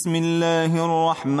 بسم الله الرحمن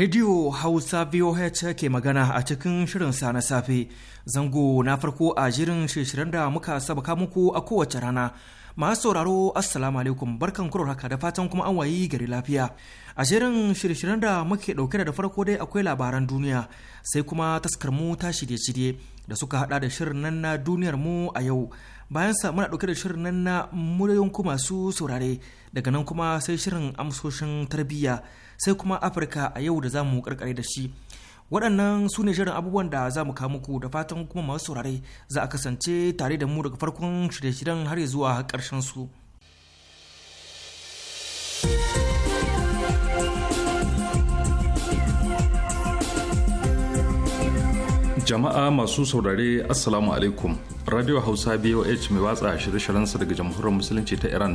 Radio Hausa VOH ke magana a cikin shirinsa na safe. Zango na farko a jirin shirin da muka sabaka muku a kowace rana. Masu sauraro Assalamu alaikum barkan kuro haka da fatan kuma an wayi gari lafiya. A shirin da muke ɗauke da farko dai akwai labaran duniya sai kuma taskar mu ta shirye-shirye da suka hada da shirin nan na duniyar mu a yau. Bayan sa muna ɗauke da shirin nan na muryoyin masu saurare daga nan kuma sai shirin amsoshin tarbiyya. sai kuma afirka a yau da za mu karkare da shi waɗannan su ne shirin abubuwan da za mu kawo muku da fatan kuma masu saurare za a kasance tare da mu daga farkon shirye-shiryen har zuwa ƙarshen su. jama'a masu saurare assalamu alaikum radio hausa boh mai watsa shirye shiryen daga jamhuriyar musulunci ta iran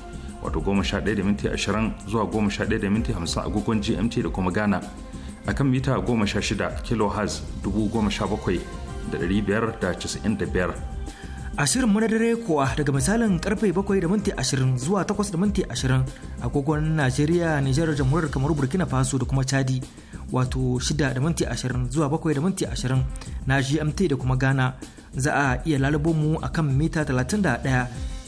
wato 11:20 zuwa 11:50 agogon gmt da kuma ghana a kan mita 16 kilohertz 17,595 a shirin madadare kuwa daga misalin karfe 7 da minti 20 zuwa 8 da minti 20 agogon najeriya nijar jamhuriyar kamar burkina faso da kuma chadi wato 6 da minti 20 zuwa 7 da minti 20 na gmt da kuma ghana za a iya lalubo mu a kan mita 31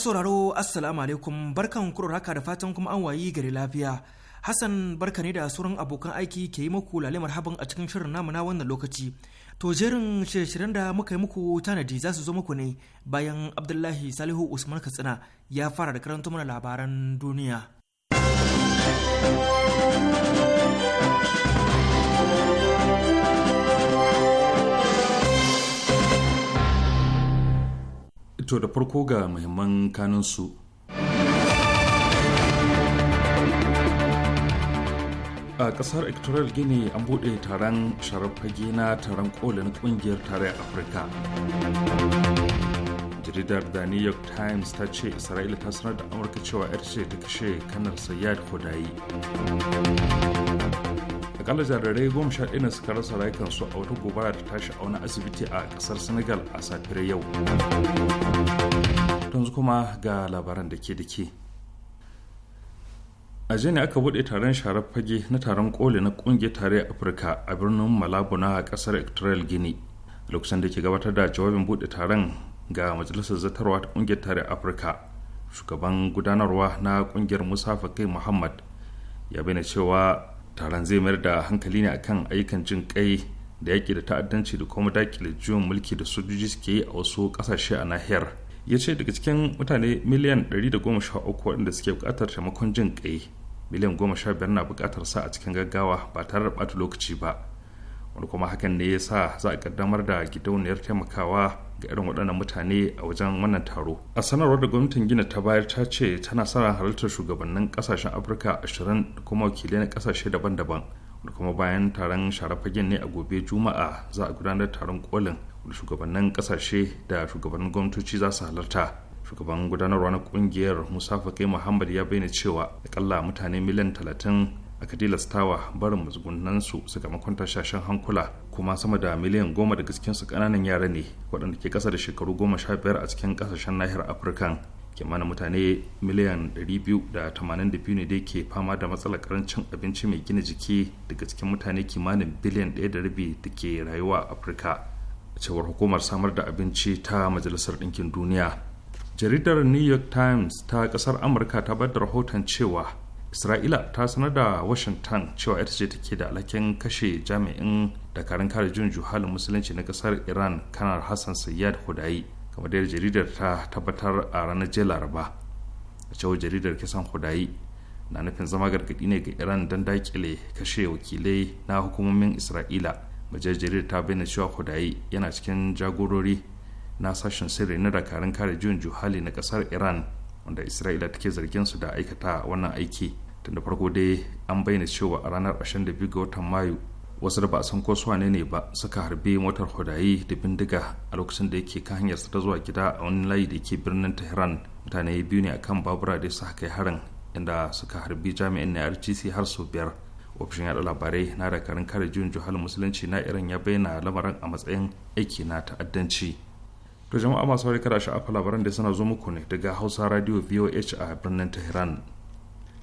sauraro Assalamu alaikum barkan kurar haka da fatan kuma an wayi gari lafiya. Hassan barka ne da sauran abokan aiki ke yi muku lalle marhaban a cikin shirin namu na wannan lokaci. To jerin shirye-shiryen da muka yi muku tanadi za su zo muku ne bayan Abdullahi Salihu Usman Katsina ya fara da karanta mana labaran duniya. To da farko ga muhimman kanansu A ƙasar Equatorial Guinea an buɗe taron sharafage fage na taron kolin ƙungiyar tarayyar Afirka. Jaridar The New York Times ta ce Isra'ila ta sanar da Amurka cewa 'yar ce ta kashe kanar Sayyad Kodayi. akalla jarirai goma sha ɗaya suka rasa rayukansu a wata gobara ta tashi a wani asibiti a ƙasar senegal a safiyar yau yanzu kuma ga labaran da ke da ke a jiya aka buɗe taron sharar fage na taron koli na ƙungiyar tarayyar afirka a birnin malabu na ƙasar equatorial guinea lokacin da ke gabatar da jawabin buɗe taron ga majalisar zartarwa ta ƙungiyar tarayyar afirka shugaban gudanarwa na ƙungiyar musa fakai muhammad ya bayyana cewa taron zai mayar da hankali ne akan ayyukan jin kai da yaƙi da ta'addanci da kuma dakile juyin mulki da sojoji suke yi a wasu ƙasashe a nahiyar ya ce daga cikin mutane miliyan 113 waɗanda suke buƙatar taimakon jin kai miliyan 15 na buƙatar sa a cikin gaggawa ba tare da ɓata lokaci ba wani kuma hakan ne ya sa za a ƙaddamar da gidauniyar taimakawa ga irin waɗannan mutane a wajen wannan taro a sanarwar da gwamnatin gina ta bayar ta ce tana sa halartar shugabannin ƙasashen afirka ashirin da kuma wakilai na ƙasashe daban-daban da kuma bayan taron sharafagen ne a gobe juma'a za a gudanar taron kolin da shugabannin ƙasashe da shugabannin gwamnatoci za su halarta shugaban gudanarwa na ƙungiyar musa fakai muhammad ya bayyana cewa akalla mutane miliyan talatin aka tilastawa barin su musgunansu sakamakon shashen hankula kuma sama da miliyan goma daga cikinsu kananan yara ne waɗanda ke ƙasa da shekaru goma sha biyar a cikin ƙasashen nahiyar afirka kimanin mutane miliyan 282 ne dai ke fama da matsalar karancin abinci mai gina jiki daga cikin mutane kimanin biliyan ɗaya da rabi ke rayuwa a afirka cewar hukumar samar da abinci ta majalisar ɗinkin duniya jaridar new york times ta ƙasar amurka ta bada rahoton cewa isra'ila ta sanar da washington cewa ita ce take da alhakin kashe jami'in dakarun kare jin juhalin musulunci na kasar iran kanar hassan sayyad hudayi kamar da jaridar ta tabbatar a ranar jiya laraba a cewar jaridar kisan hudayi na nufin zama gargadi ne ga iran don dakile kashe wakilai na hukumomin isra'ila majiyar jaridar ta bayyana cewa hudayi yana cikin jagorori na sashen sirri na dakarun kare juyin juhali na kasar iran wanda isra'ila take zargin su da aikata wannan aiki tun da farko dai an bayyana cewa a ranar 22 ga watan mayu wasu da ba san ko wane ne ba suka harbe motar hudayi da bindiga a lokacin da yake kan hanyarsa ta zuwa gida a wani layi da ke birnin tehran mutane biyu ne akan babura da suka kai harin inda suka harbi jami'in na rtc har sau biyar ofishin yada labarai na da karin kare juyin juhal musulunci na iran ya bayyana lamarin a matsayin aiki na ta'addanci to jama'a masu kada sha'afa labaran da suna zo muku ne daga hausa radio voh a birnin tehran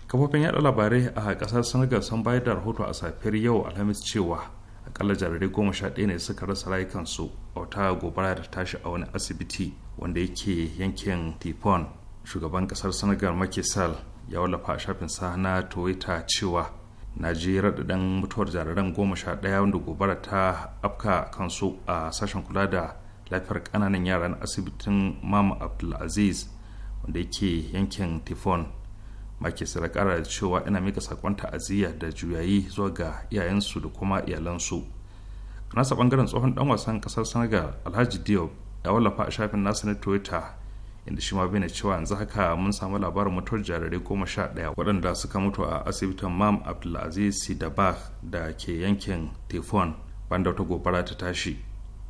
kafofin yada labarai a kasar senegal sun bayar da rahoto a safiyar yau alhamis cewa akalla jarirai goma sha ɗaya ne suka rasa rayukansu a wata gobara da tashi a wani asibiti wanda yake yankin tifon shugaban kasar senegal makisal ya wallafa a shafin sa na toyota cewa na ji raɗaɗin mutuwar jariran goma sha ɗaya wanda gobara ta afka kansu a sashen kula da lafiyar ƙananan yara na asibitin mama abdulaziz wanda yake yankin tifon makisar ya kara da cewa ina mika sakon ta'aziyya da juyayi zuwa ga iyayensu da kuma iyalansu a nasa bangaren tsohon dan wasan kasar senegal alhaji diop ya wallafa a shafin nasa na twitter inda shi ma na cewa yanzu haka mun samu labarin mutuwar jarirai goma sha ɗaya waɗanda suka mutu a asibitin mam abdulaziz sidabah da ke yankin tefon banda wata gobara ta tashi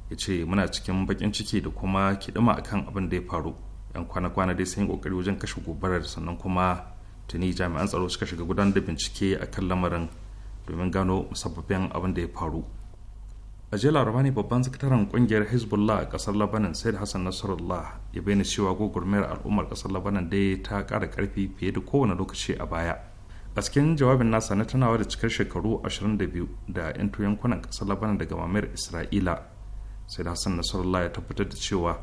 ya ce muna cikin baƙin ciki da kuma kiɗima akan abin da ya faru yan kwana-kwana dai sun yi ƙoƙari wajen kashe gobarar sannan kuma tuni jami'an tsaro suka shiga gudanar da bincike a kan lamarin domin gano musabbabin abin da ya faru a jiya laraba ne babban sakataren kungiyar hezbollah a kasar labanan said hassan nasarallah ya bayyana cewa gwagwarmayar al'ummar kasar labanan dai ta kara karfi fiye da kowane lokaci a baya a cikin jawabin nasa na tunawa da cikar shekaru 22 da 'yan yankunan kasar labanan daga mamayar isra'ila sai da hassan nasarallah ya tabbatar da cewa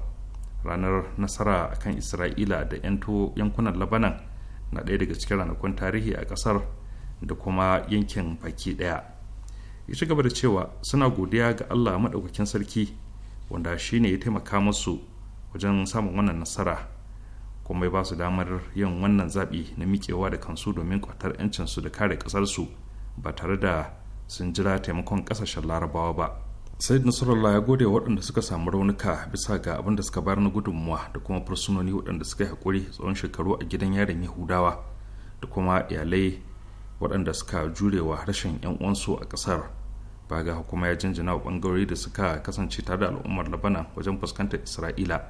ranar nasara akan isra'ila da 'yan yankunan labanan na ɗaya daga cikin ranakun tarihi a ƙasar da kuma yankin baki ɗaya ya ci gaba da cewa suna godiya ga allah maɗaukakin sarki wanda shi ne ya taimaka musu wajen samun wannan nasara kuma ya ba su damar yin wannan zaɓi na miƙewa da kansu domin kwatar 'yancinsu da kare ƙasarsu ba tare da sun jira taimakon ƙasashen larabawa ba sai nasarar ya gode waɗanda suka samu raunuka bisa ga abin da suka bayar na gudunmuwa da kuma fursunoni waɗanda suka yi haƙuri tsawon shekaru a gidan yaron yahudawa da kuma iyalai waɗanda suka jurewa rashin 'yan uwansu a ƙasar ba ga hukuma ya jinjina wa ɓangarori da suka kasance tare da al'ummar labana wajen fuskantar isra'ila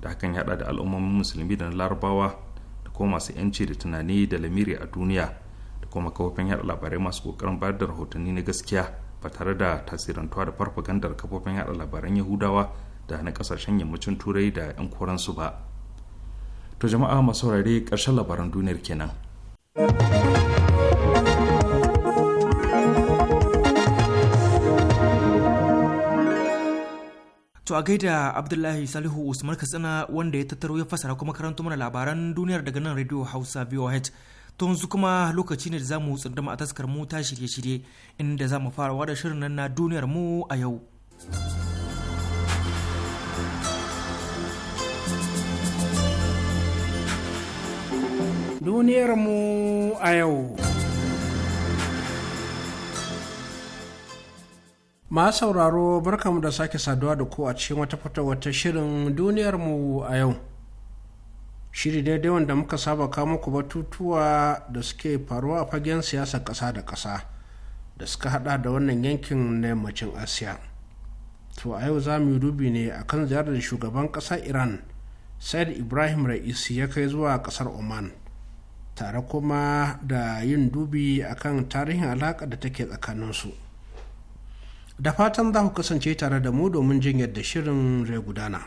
da hakan ya da al'ummomin musulmi da na larabawa da kuma masu 'yanci da tunani da lamiri a duniya da kuma kafofin yaɗa labarai masu ƙoƙarin bayar da rahotanni na gaskiya ba tare da tasirantuwa da farfagandar kafofin yada labaran yahudawa da na kasashen yammacin turai da 'yan koransu ba to jama'a masu saurare ƙarshen labaran duniyar kenan To a gaida Abdullahi Salihu Usman Katsina wanda ya tattaro ya fasara kuma karanto mana labaran duniyar daga nan Radio Hausa VOH. To yanzu kuma lokaci ne da za mu tsundama a taskar mu ta shirye-shirye inda za mu farawa da shirin nan na duniyar mu a yau. Duniyar mu a yau. Ma sauraro barkamu da sake saduwa da ku a cikin wata fitowar wata shirin duniyar mu a yau. shiri daidai wanda muka saba kawo muku batutuwa da suke faruwa a fagen siyasar ƙasa da ƙasa da suka hada da wannan yankin na yammacin asiya to a yau za mu yi dubi ne akan ziyarar shugaban ƙasar iran said ibrahim ra'isi ya kai zuwa ƙasar oman tare kuma da yin dubi akan tarihin alaƙa da take tsakaninsu da fatan za ku kasance tare da mu domin jin yadda shirin zai gudana.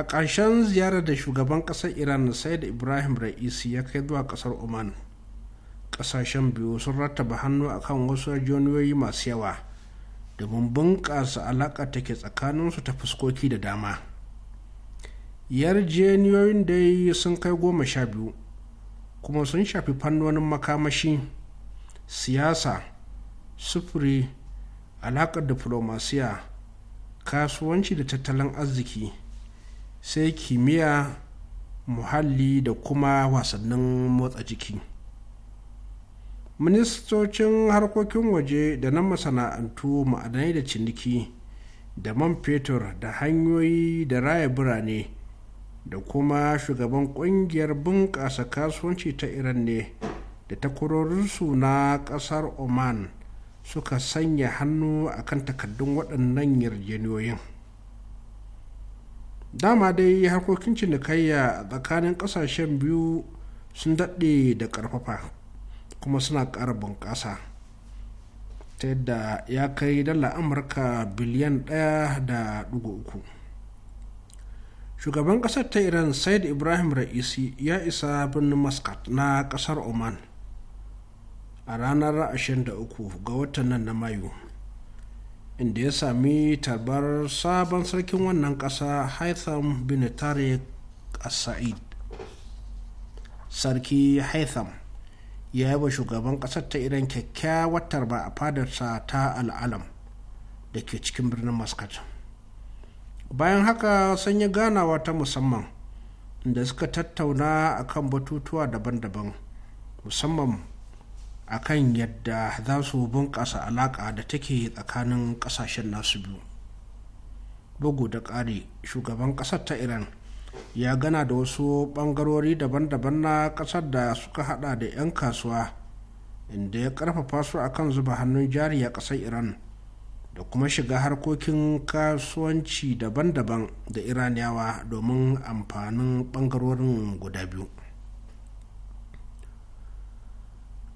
a ƙarshen ziyarar da shugaban ƙasar iran da ibrahim ra'isi ya kai zuwa ƙasar oman ƙasashen biyu sun rattaba hannu a kan wasu rajoniyoyi masu yawa domin bunƙasa alaƙa ta ke tsakaninsu ta fuskoki da dama yarjeniyoyin dai sun kai goma sha biyu kuma sun shafi fannonin makamashi siyasa sufuri alaƙar diflomasiya kasuwanci da tattalin arziki sai kimiyya muhalli da kuma wasannin motsa jiki ministocin harkokin waje da na masana'antu ma'adanai da ciniki da man fetur da hanyoyi da raya birane da kuma shugaban kungiyar bunƙasa kasuwanci ta iran ne da takwarorinsu na ƙasar oman suka sanya hannu akan takaddun waɗannan yarjejeniyoyin dama dai harkokin cinikayya tsakanin kasashen biyu sun daɗe da ƙarfafa kuma suna ƙara bunƙasa ta yadda ya kai dala amurka biliyan ɗaya da ɗigo uku shugaban ƙasar ta iran said ibrahim ra'isi ya isa birnin muscat na ƙasar oman a ranar 23 ga watan nan na mayu inda ya sami tarbar sabon sarkin wannan ƙasa haitham bin tariq sarki haitham ya yi wa shugaban ƙasar ta iran kyakkyawar tarba a fadarsa ta al'alam da ke cikin birnin muscat bayan haka sun yi ganawa ta musamman da suka tattauna akan batutuwa daban-daban musamman a kan yadda za su bunƙasa alaƙa da take tsakanin ƙasashen nasu biyu bugu da ƙari shugaban ƙasar ta iran ya gana da wasu ɓangarori daban-daban na ƙasar da suka hada da 'yan kasuwa inda ya ƙarfafa su akan zuba hannun jari a ƙasar iran da kuma shiga harkokin kasuwanci daban-daban da iraniyawa domin amfanin ɓangarorin guda biyu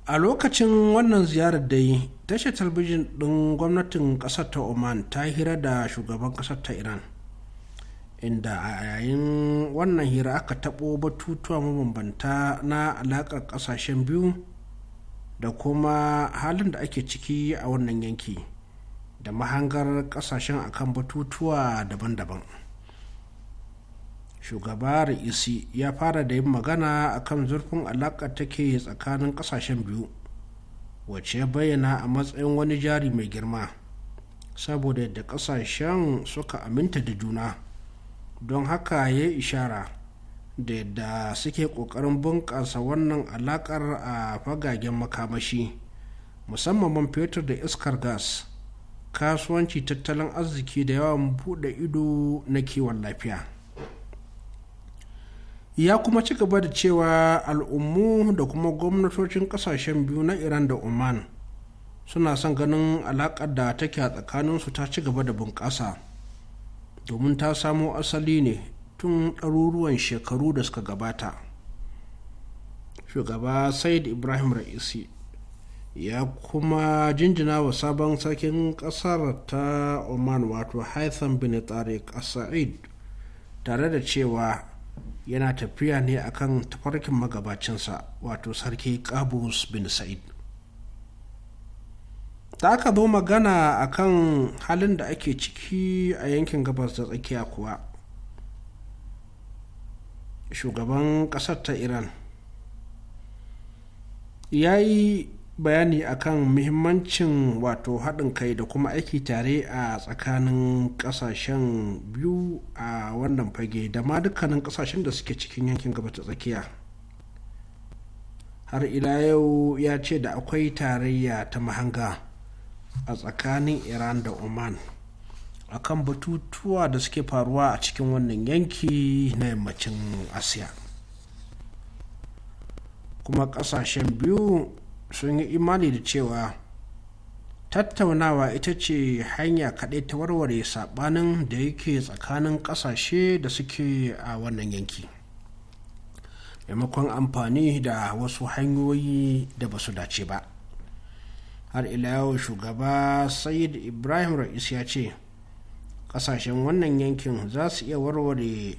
a lokacin wannan ziyarar dai tashar talbijin ɗin gwamnatin ƙasar ta oman ta hira da shugaban ƙasar ta iran inda a yayin wannan hira aka taɓo batutuwa mabambanta na alaƙar ƙasashen biyu da kuma halin da ake ciki a wannan yanki da mahangar ƙasashen akan batutuwa daban-daban. shugaba Isi ya fara da yin magana a kan zurfin alaƙa take tsakanin ƙasashen biyu wacce ya bayyana a matsayin wani jari mai girma saboda yadda ƙasashen suka aminta da juna don haka ya ishara da yadda suke ƙoƙarin bunƙasa wannan alaƙar a fagagen makamashi musamman man fetur da iskar gas kasuwanci tattalin arziki da yawan buɗe ido na kiwon lafiya. ya kuma ci gaba da cewa al'ummu da kuma gwamnatocin kasashen biyu na iran da oman suna son ganin alaƙar da take a tsakaninsu ta ci gaba da bunƙasa domin ta samo asali ne tun ɗaruruwan shekaru da suka gabata shugaba said ibrahim ra'isi ya kuma jinjina wa sabon sarkin ƙasar ta oman wato haitham bin tariq as-sa'id tare da cewa yana tafiya ne akan tafarkin magabacinsa wato sarki qabus bin sa'id ta aka zo magana akan halin da ake ciki a yankin gabas da tsakiya kuwa shugaban ƙasar ta iran ya yi bayani akan muhimmancin wato haɗin kai da kuma aiki tare a tsakanin ƙasashen biyu a wannan fage da ma dukkanin ƙasashen da suke cikin yankin gaba ta tsakiya har ila yau ya ce da akwai tarayya ta mahanga a tsakanin iran da oman akan batutuwa da suke faruwa a cikin wannan yanki na yammacin asiya kuma ƙasashen biyu sun yi imani da cewa tattaunawa ita ce hanya kaɗai ta warware saɓanin da yake tsakanin ƙasashe da suke a wannan yanki maimakon amfani da wasu hanyoyi da ba su dace ba har ila yau shugaba sayid ibrahim ra'is ya ce ƙasashen wannan yankin za su iya warware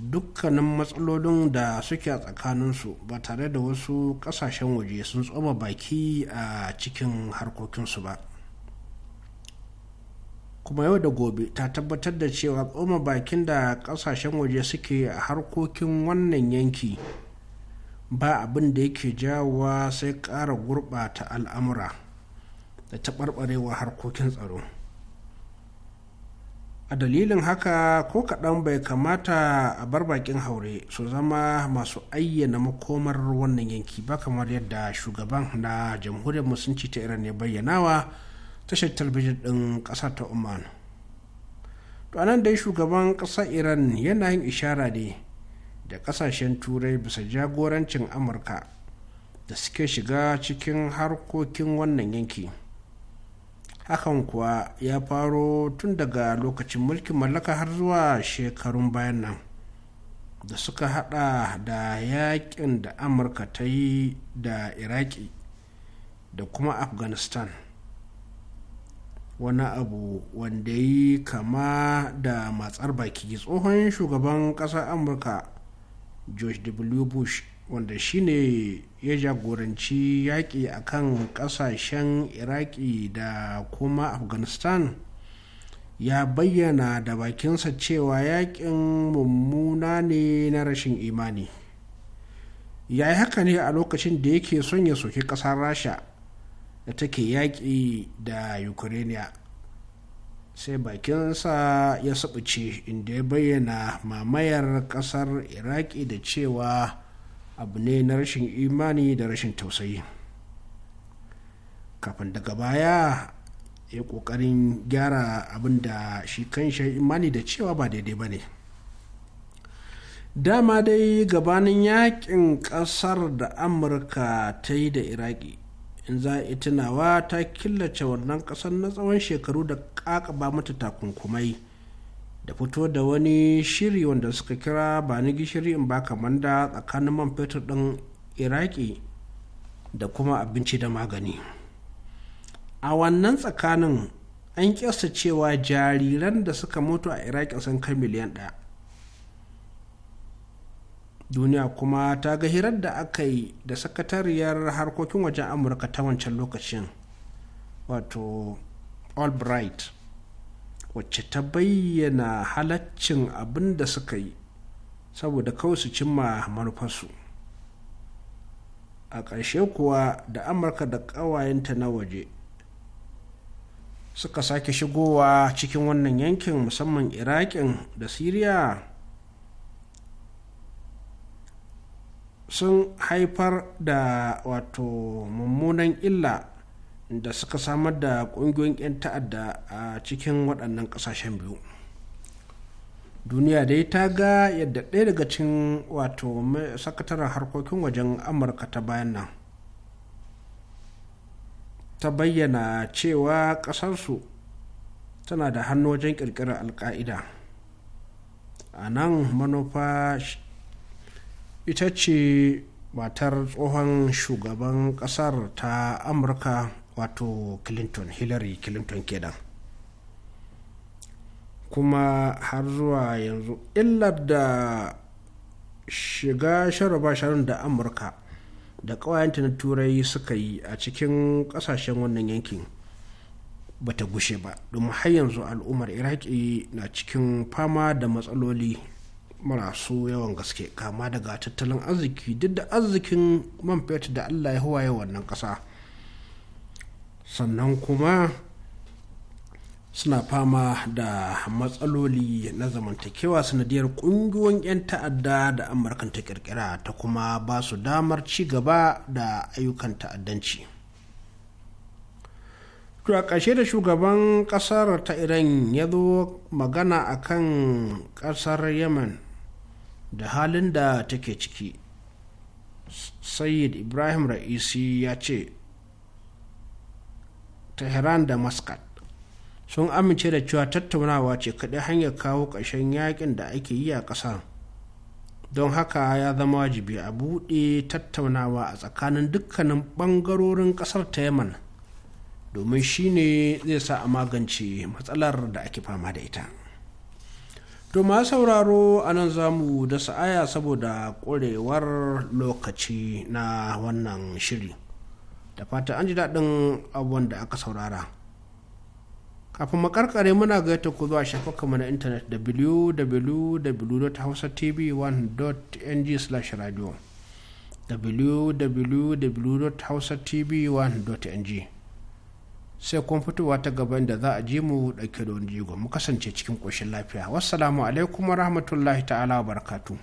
dukkanin matsalolin da suke a tsakaninsu ba tare da wasu kasashen waje sun tsoma baki a cikin harkokinsu ba kuma yau da gobe ta tabbatar da cewa tsoma bakin da kasashen waje suke a harkokin wannan yanki ba abin da yake jawowa sai ƙara gurɓata al'amura da taɓarɓarewa harkokin tsaro a dalilin haka ko kaɗan bai kamata a bar bakin haure su zama masu ayyana makomar wannan yanki ba kamar yadda shugaban na jamhuriyar musulunci ta iran ya bayyanawa tashar talbijin ɗin ƙasa ta oman to anan dai shugaban ƙasar iran yana yin ishara ne da ƙasashen turai bisa jagorancin amurka da suke shiga cikin harkokin wannan yanki. hakan kuwa ya faro tun daga lokacin mulkin mallaka har zuwa shekarun bayan nan da suka hada da yakin da amurka ta yi da iraki da kuma afghanistan wani abu wanda yi kama da matsar baki tsohon shugaban ƙasar amurka george w bush wanda shine ya jagoranci yaƙi a kan ƙasashen iraki da kuma afghanistan ya bayyana da bakinsa cewa yaƙin mummuna ne na rashin imani ya yi haka ne a lokacin da yake son ya soki ƙasar rasha da take yaƙi da ukraine sai bakinsa ya saɓuce inda ya bayyana mamayar ƙasar iraki da cewa abu ne na rashin imani da rashin tausayi kafin daga baya ya ƙoƙarin gyara abin da shi kanshi imani da cewa ba daidai ba ne dama dai gabanin yakin ƙasar da amurka ta yi da iraki in za a tunawa ta killace wannan ƙasar na tsawon shekaru da ƙaƙaba mata takunkumai da fito da wani shiri wanda suka kira ba ni gishiri in ba kamar da tsakanin man fetur ɗin iraki da kuma abinci da magani a wannan tsakanin an kyasta cewa jariran da suka mutu a iraki sun kai miliyan ɗaya duniya kuma ta ga hirar da aka yi da sakatariyar harkokin wajen amurka ta wancan lokacin wato albright wacce ta bayyana halaccin abin da suka yi saboda kawai su cimma manufarsu a ƙarshe kuwa da amurka da ƙawayenta na waje suka sake shigowa cikin wannan yankin musamman iraƙin da siriya sun haifar da wato mummunan illa da suka samar da ƙungiyoyin 'yan ta'adda a cikin waɗannan ƙasashen biyu duniya dai ta ga yadda ɗaya daga cikin wato sakataren harkokin wajen amurka ta bayan nan ta bayyana cewa ƙasarsu tana da hannu wajen ƙirƙirar alƙa'ida a nan manufa ita ce matar tsohon shugaban kasar ta amurka wato clinton hillary clinton kenan kuma har zuwa yanzu illar da shiga sharaba sharon da amurka da ƙawayenta na turai suka yi a cikin ƙasashen wannan yankin bata gushe ba domin har yanzu al'ummar iraki na cikin fama da matsaloli marasu yawan gaske kama daga tattalin arziki duk da arzikin man fetur da allah ya huwaye wannan kasa sannan kuma suna fama da matsaloli na zamantakewa sanadiyar kungiyoyin 'yan ta'adda da amurkan ta kirkira ta kuma ba su damar ci gaba da ayyukan ta'addanci to a ƙarshe da shugaban ƙasar ta iran ya zo magana akan ƙasar yemen da halin da take ciki sayyid ibrahim ra'isi ya ce tehran da muscat sun amince da cewa tattaunawa ce kaɗai hanyar kawo ƙarshen yakin da ake yi a ƙasa, don haka ya zama wajibi a buɗe tattaunawa a tsakanin dukkanin ɓangarorin ƙasar ta yaman domin shine zai sa a magance matsalar da ake fama da ita To ma sauraro a nan za mu da sa'aya saboda ƙurewar lokaci na wannan shiri. Da fata an ji daɗin abubuwan da aka saurara. Kafin makarkare muna gaita ku zuwa shafukanmu na intanet www.hausatv1.ng/radio www.hausatv1.ng sai kuma fitowa ta gaban da za a je mu ɗauke da wani jigo mu kasance cikin ƙoshin lafiya wassalamu alaikum wa rahmatullahi ta'ala wa barakatu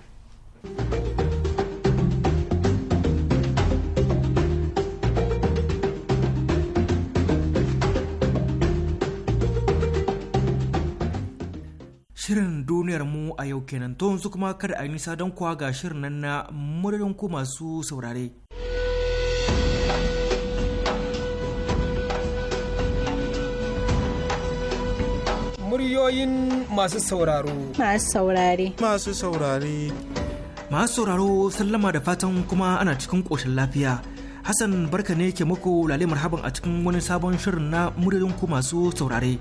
Shirin duniyar mu a yau kenan to yanzu kuma kada a yi nisa don kuwa ga shirin nan na madadin masu saurare. muryoyin masu sauraro. Masu saurare. Masu saurare. Masu sauraro sallama da fatan kuma ana cikin ƙoshin lafiya. Hassan barka ne ke muku lale marhaban a cikin wani sabon shirin na muryoyin ku masu saurare.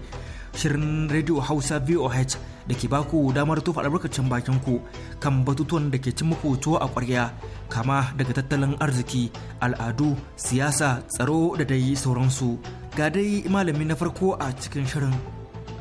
Shirin Radio Hausa VOH da ke baku damar tofa albarkacin bakin ku kan batutuwan da ke cin muku tuwo a ƙwarya kama daga tattalin arziki, al'adu, siyasa, tsaro da dai sauransu. Ga dai malami na farko a cikin shirin.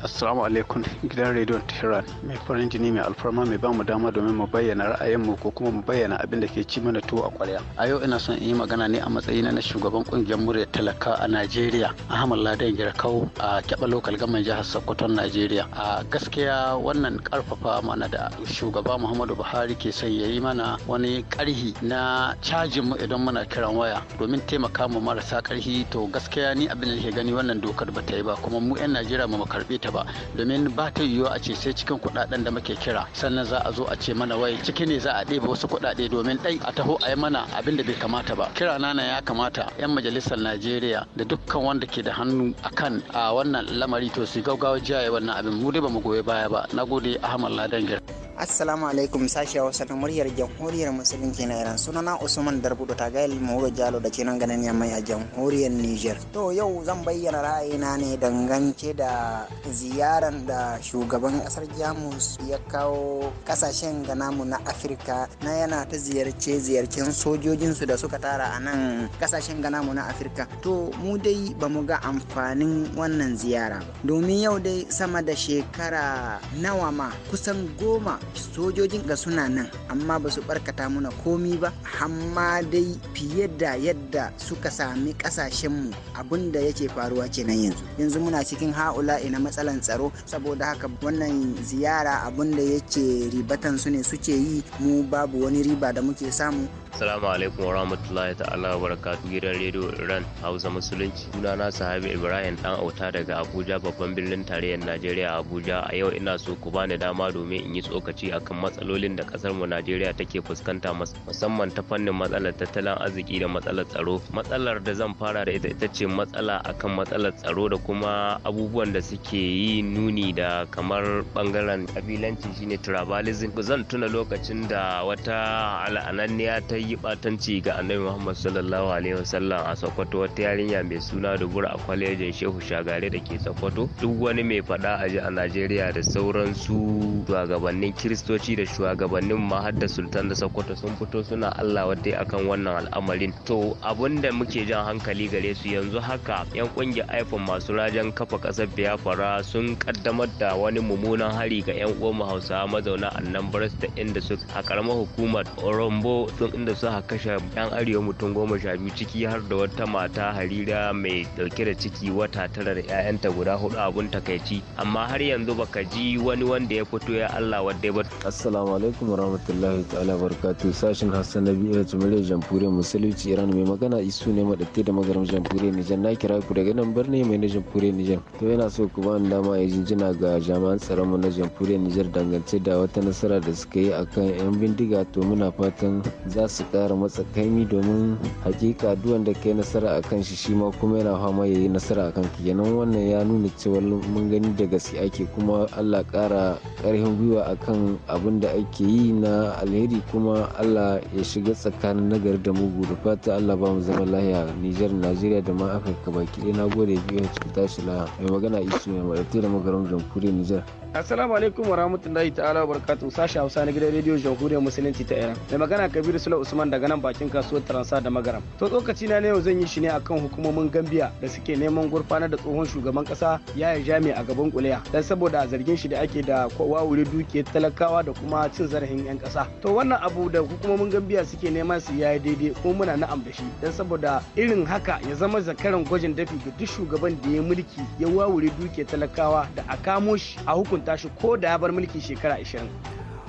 Assalamu alaikum gidan rediyon Tehran mai farin jini mai alfarma mai bamu dama domin mu bayyana ra'ayinmu ko kuma mu bayyana abin da ke ci mana tuwo a kwarya. A yau ina son in yi magana ne a matsayina na shugaban kungiyar murya talaka a Najeriya Ahmad Ladan Girkau a Kyaba Lokal Gaman Jihar Sokoto Najeriya. A gaskiya wannan karfafa mana da shugaba Muhammadu Buhari ke son ya yi mana wani karhi na cajin mu idan muna kiran waya domin taimaka mu marasa karhi to gaskiya ni abin da ke gani wannan dokar ba ta yi ba kuma mu 'yan Najeriya mu karbe ta ita ba domin ba ta yiwuwa a ce sai cikin kuɗaɗen da muke kira sannan za a zo a ce mana wai ciki ne za a ɗebe wasu kuɗaɗe domin ɗai a taho a yi mana abin da bai kamata ba kira nana ya kamata 'yan majalisar najeriya da dukkan wanda ke da hannu akan a wannan lamari to su gaugawa jiya wannan abin mu dai ba mu goyi baya ba na gode ahmad ladan assalamu alaikum sashi hausa na muryar jamhuriyar musulunci na iran sunana usman darbudu tagayil mawuro jalo da kenan ganin yamai a jamhuriyar niger to yau zan bayyana ra'ayina ne dangance da ziyarar da shugaban kasar jamus ya kawo kasashen ga namu na afirka na yana ta ziyarce ziyarcen sojojinsu da suka tara a nan kasashen ganamu na afirka to mu dai ba mu ga amfanin wannan ziyara domin yau dai sama da shekara nawa ma kusan goma sojojin ga suna nan amma ba su barkata muna komi ba amma dai fiye da yadda suka sami kasashenmu abun da yake faruwa kenan yanzu yanzu muna cikin ha'ula ina matsalan tsaro saboda haka wannan ziyara abun da yake ribatan su ne suke yi mu babu wani riba da muke samu Assalamu alaikum wa rahmatullahi ta'ala wa barakatuhu gidan rediyo Iran Hausa Musulunci. Suna na Sahabi Ibrahim dan auta daga Abuja babban birnin tarayyar Najeriya Abuja. A yau ina so ku bani dama domin in yi tsokaci akan matsalolin da kasar mu Najeriya take fuskanta musamman ta fannin matsalar tattalin arziki da matsalar tsaro. Matsalar da zan fara da ita ita ce matsala akan matsalar tsaro da kuma abubuwan da suke yi nuni da kamar bangaren kabilanci shine tribalism. Zan tuna lokacin da wata al'ananniya ta yi yi batanci ga annabi muhammad sallallahu alaihi wasallam a sokoto wata yarinya mai suna dubura a kwalejin shehu shagare da ke sokoto duk wani mai fada a ji a najeriya da sauransu shugabannin kiristoci da shugabannin mahadda sultan da sokoto sun fito suna allah wadda akan wannan al'amarin to abun da muke jan hankali gare su yanzu haka yan kungiyar iphone masu rajen kafa kasar biafra sun kaddamar da wani mummunan hari ga yan uwan hausa mazauna annan da inda su a karamar hukumar orombo sun inda su a kashe yan arewa mutum goma sha biyu ciki har da wata mata harira mai dauke da ciki wata tara da 'ya'yanta guda hudu abun takaici amma har yanzu baka ji wani wanda ya fito ya Allah wadda ba. Assalamu alaikum warahmatullahi ta'ala barakatuh sashin Hassan na biyu da muryar jamhuriyar musulunci Iran mai magana isu ne madatte da magaram jamhuriyar Nijar na kira ku daga nan birni mai na jamhuriyar Nijar to yana so ku ba ni dama ya jinjina ga jami'an tsaronmu na jamhuriyar Nijar dangance da wata nasara da suka yi akan yan bindiga to muna fatan za su su kara matsa kaimi domin hakika duwan da kai nasara kan shi shi ma kuma yana fama ya yi nasara a ka kenan wannan ya nuna cewa mun gani da gaske ake kuma allah kara karfin gwiwa akan abin da ake yi na alheri kuma allah ya shiga tsakanin nagari da mugu da fata allah ba mu zama lahiya nijar najeriya da ma afirka baki ɗaya na gode biyu a cikin tashi lahiya mai magana isu mai maɗatai da magarin jamhuriyar nijar assalamu alaikum wa ta'ala wa barakatuhu sashi hausa na gidan rediyo jamhuriyar musulunci ta iran mai magana kabiru sulau. usman daga nan bakin kasuwar taransa da magaram to tsokaci na yau zan yi shi ne akan hukumomin gambia da suke neman gurfana da tsohon shugaban kasa yaya jami a gaban kuliya dan saboda zargin shi da ake da wuri dukiyar talakawa da kuma cin zarafin yan kasa to wannan abu da hukumomin gambia suke neman su yayi daidai ko muna na'am da shi dan saboda irin haka ya zama zakaran gwajin dafi ga duk shugaban da ya mulki ya wawure dukiyar talakawa da a kamo shi a hukunta shi ko da ya bar mulki shekara 20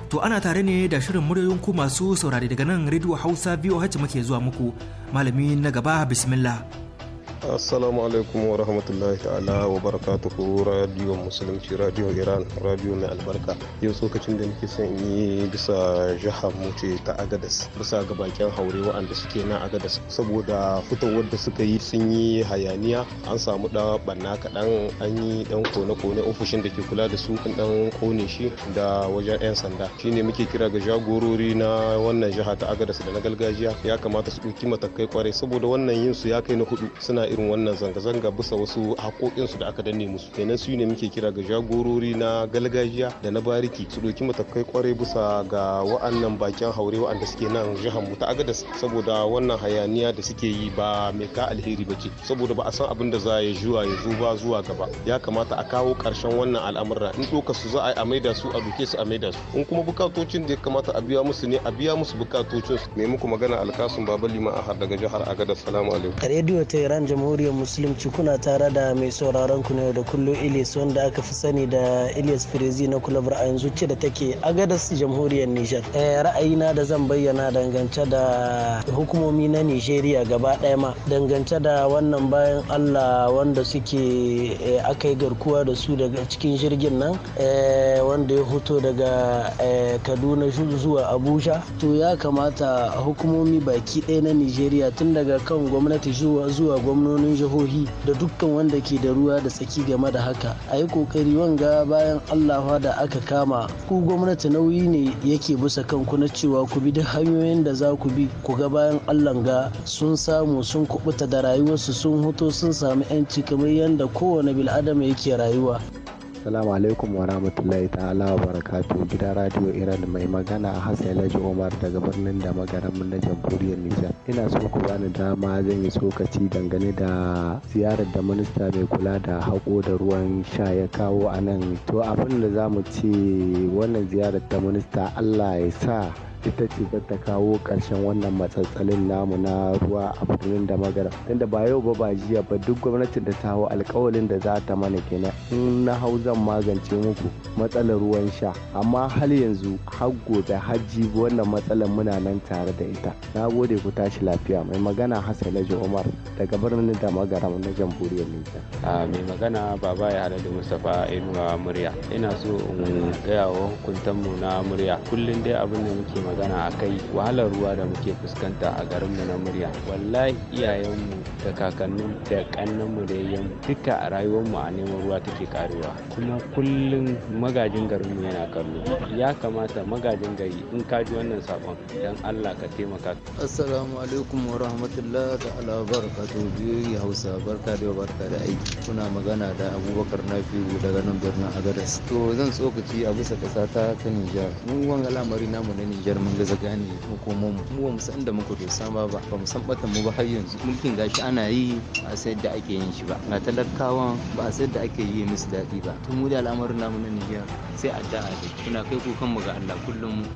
To ana tare ne da shirin muryoyin ku masu saurari daga nan Radio Hausa VOH muke zuwa muku. Malami na gaba bismillah. assalamu alaikum wa rahmatullahi ta'ala wa ta kuru radiyo musulunci radio iran radiyo mai albarka yau tsokacin da nake son yi bisa jihar mu ta agadas bisa ga bakin haure wa'anda suke na agadas saboda fitowar da suka yi sun yi hayaniya an samu da banna kaɗan an yi dan kone-kone ofishin da ke kula da su kan dan kone shi da wajen 'yan sanda shine muke kira ga jagorori na wannan jiha ta agadas da na gargajiya ya kamata su ɗauki matakai kwarai saboda wannan yin su ya kai na hudu suna irin wannan zanga-zanga bisa wasu haƙoƙinsu da aka danne musu kenan su ne muke kira ga jagorori na galgajiya da na bariki su ɗauki matakai kwarai bisa ga wa'annan bakin haure wa'anda suke nan jihar mu ta agadas saboda wannan hayaniya da suke yi ba mai ka alheri ba ce saboda ba a san abin da za ya zuwa ya zo ba zuwa gaba ya kamata a kawo ƙarshen wannan al'amura in ɗauka su za a yi a maida su a duke su a maida su in kuma bukatocin da ya kamata a biya musu ne a biya musu bukatocin su muku magana alkasun baba lima a har daga jihar agadas salamu alaikum rediyo ta iran jamhuriyar musulunci kuna tare da mai sauraron ku ne da kullum ilis wanda aka fi sani da ilis firizi na kulabar a yanzu ce da take agadas jamhuriyar nijar eh, ra'ayina da zan bayyana dangance da hukumomi na nijeriya gaba ɗaya ma dangance da wannan bayan allah wanda suke eh, aka yi garkuwa da su daga cikin jirgin nan eh, wanda ya hoto daga kaduna zuwa abuja to ya kamata hukumomi baki ɗaya na nijeriya tun daga kan gwamnati zuwa gwamnati gwamnonin jihohi da dukkan wanda ke da ruwa da tsaki game da haka a yi kokari wanga bayan allah da aka kama ku gwamnati nauyi ne yake bisa kanku na cewa ku bi duk hanyoyin da za ku bi ku ga bayan allah ga sun samu sun kubuta da rayuwarsu sun huto sun sami yanci kamar yadda kowane bil'adama yake rayuwa Assalamu alaikum wa rahmatullahi ta'ala wa barakatu gidan radiyo Iran mai magana a Hassan Laji Umar daga birnin da magaramin na jamhuriyar Nijar. Ina so ku bani dama zan yi tsokaci dangane da ziyarar da minista mai kula da haƙo da ruwan sha ya kawo a nan. To abin da za mu ce wannan ziyarar ta minista Allah ya sa ita ce za ta kawo ƙarshen wannan matsatsalin namu na ruwa a birnin da magara tunda ba yau ba ba jiya ba duk gwamnatin da ta hau alkawalin da za ta mana kenan in na hau zan magance muku matsalar ruwan sha amma hal yanzu har gobe har jibi wannan matsalar muna nan tare da ita na gode ku tashi lafiya mai magana hassan laji umar daga birnin da magara na jamhuriyar nijar a mai magana baba ya haladu mustapha inuwa murya ina so in gaya wa hukuntanmu na murya kullum dai abin da muke magana a kai wahalar ruwa da muke fuskanta a garinmu na murya wallahi iyayenmu da kakannin da kannanmu da yayyan duka a rayuwarmu a neman ruwa take karewa kuma kullum magajin garinmu yana kallo ya kamata magajin gari in ka ji wannan sakon dan Allah ka taimaka assalamu alaikum wa rahmatullahi da ala barakatu hausa barka da barka da aiki kuna magana da abubakar nafiu daga nan birnin agadas to zan tsokaci a bisa kasa ta ta nijar mun wanga lamari namu na nijar mun gaza gane hukumomin mu ba mu san da muka dosa ba ba mu san batan mu ba har yanzu mulkin gashi ana yi ba sai da ake yin shi ba ga talakawa ba sai da ake yi musu daɗi ba tun mu da al'amarin namu na Nijar sai addu'a da kuna kai kukan mu ga Allah kullum mu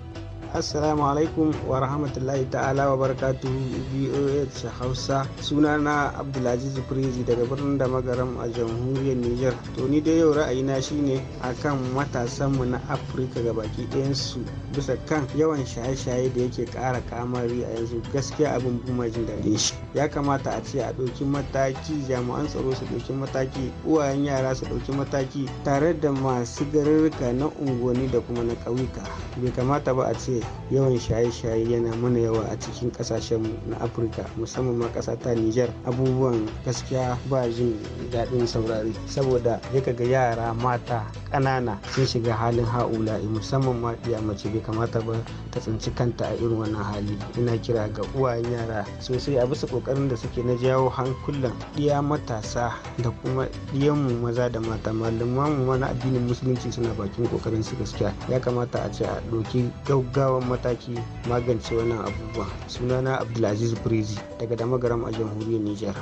assalamu alaikum wa rahmatullahi ta'ala wa barakatuhu voh hausa sunana abdulaziz prezi daga birnin da magaram a jamhuriyar niger to ni dai yau ra'ayina shine akan matasanmu na afirka ga gabaki su bisa kan yawan shaye-shaye da yake ƙara kamari a yanzu gaskiya abin buma jin shi ya kamata a ce a ɗauki mataki jami'an tsaro su ɗauki mataki uwayen yara su ɗauki mataki tare da masu garurruka na unguwanni da kuma na ƙauyuka bai kamata ba a ce yawan shaye-shaye yana mana yawa a cikin kasashenmu na afirka musamman ma kasa ta nijar abubuwan gaskiya ba jin daɗin saurari saboda ya ga yara mata ƙanana sun shiga halin haula musamman ma iya mace bai kamata ba ta tsinci kanta a irin wannan hali ina kira ga uwayen yara sosai a bisa ƙoƙarin da suke na jawo hankulan iya matasa da kuma mu maza da mata malamanmu ma na addinin musulunci suna bakin ƙoƙarin su gaskiya ya kamata a ce a ɗauki gaggawa kyakkyawan mataki magance wannan abubuwa sunana abdulaziz brezi daga damagaram a jamhuriyar nijar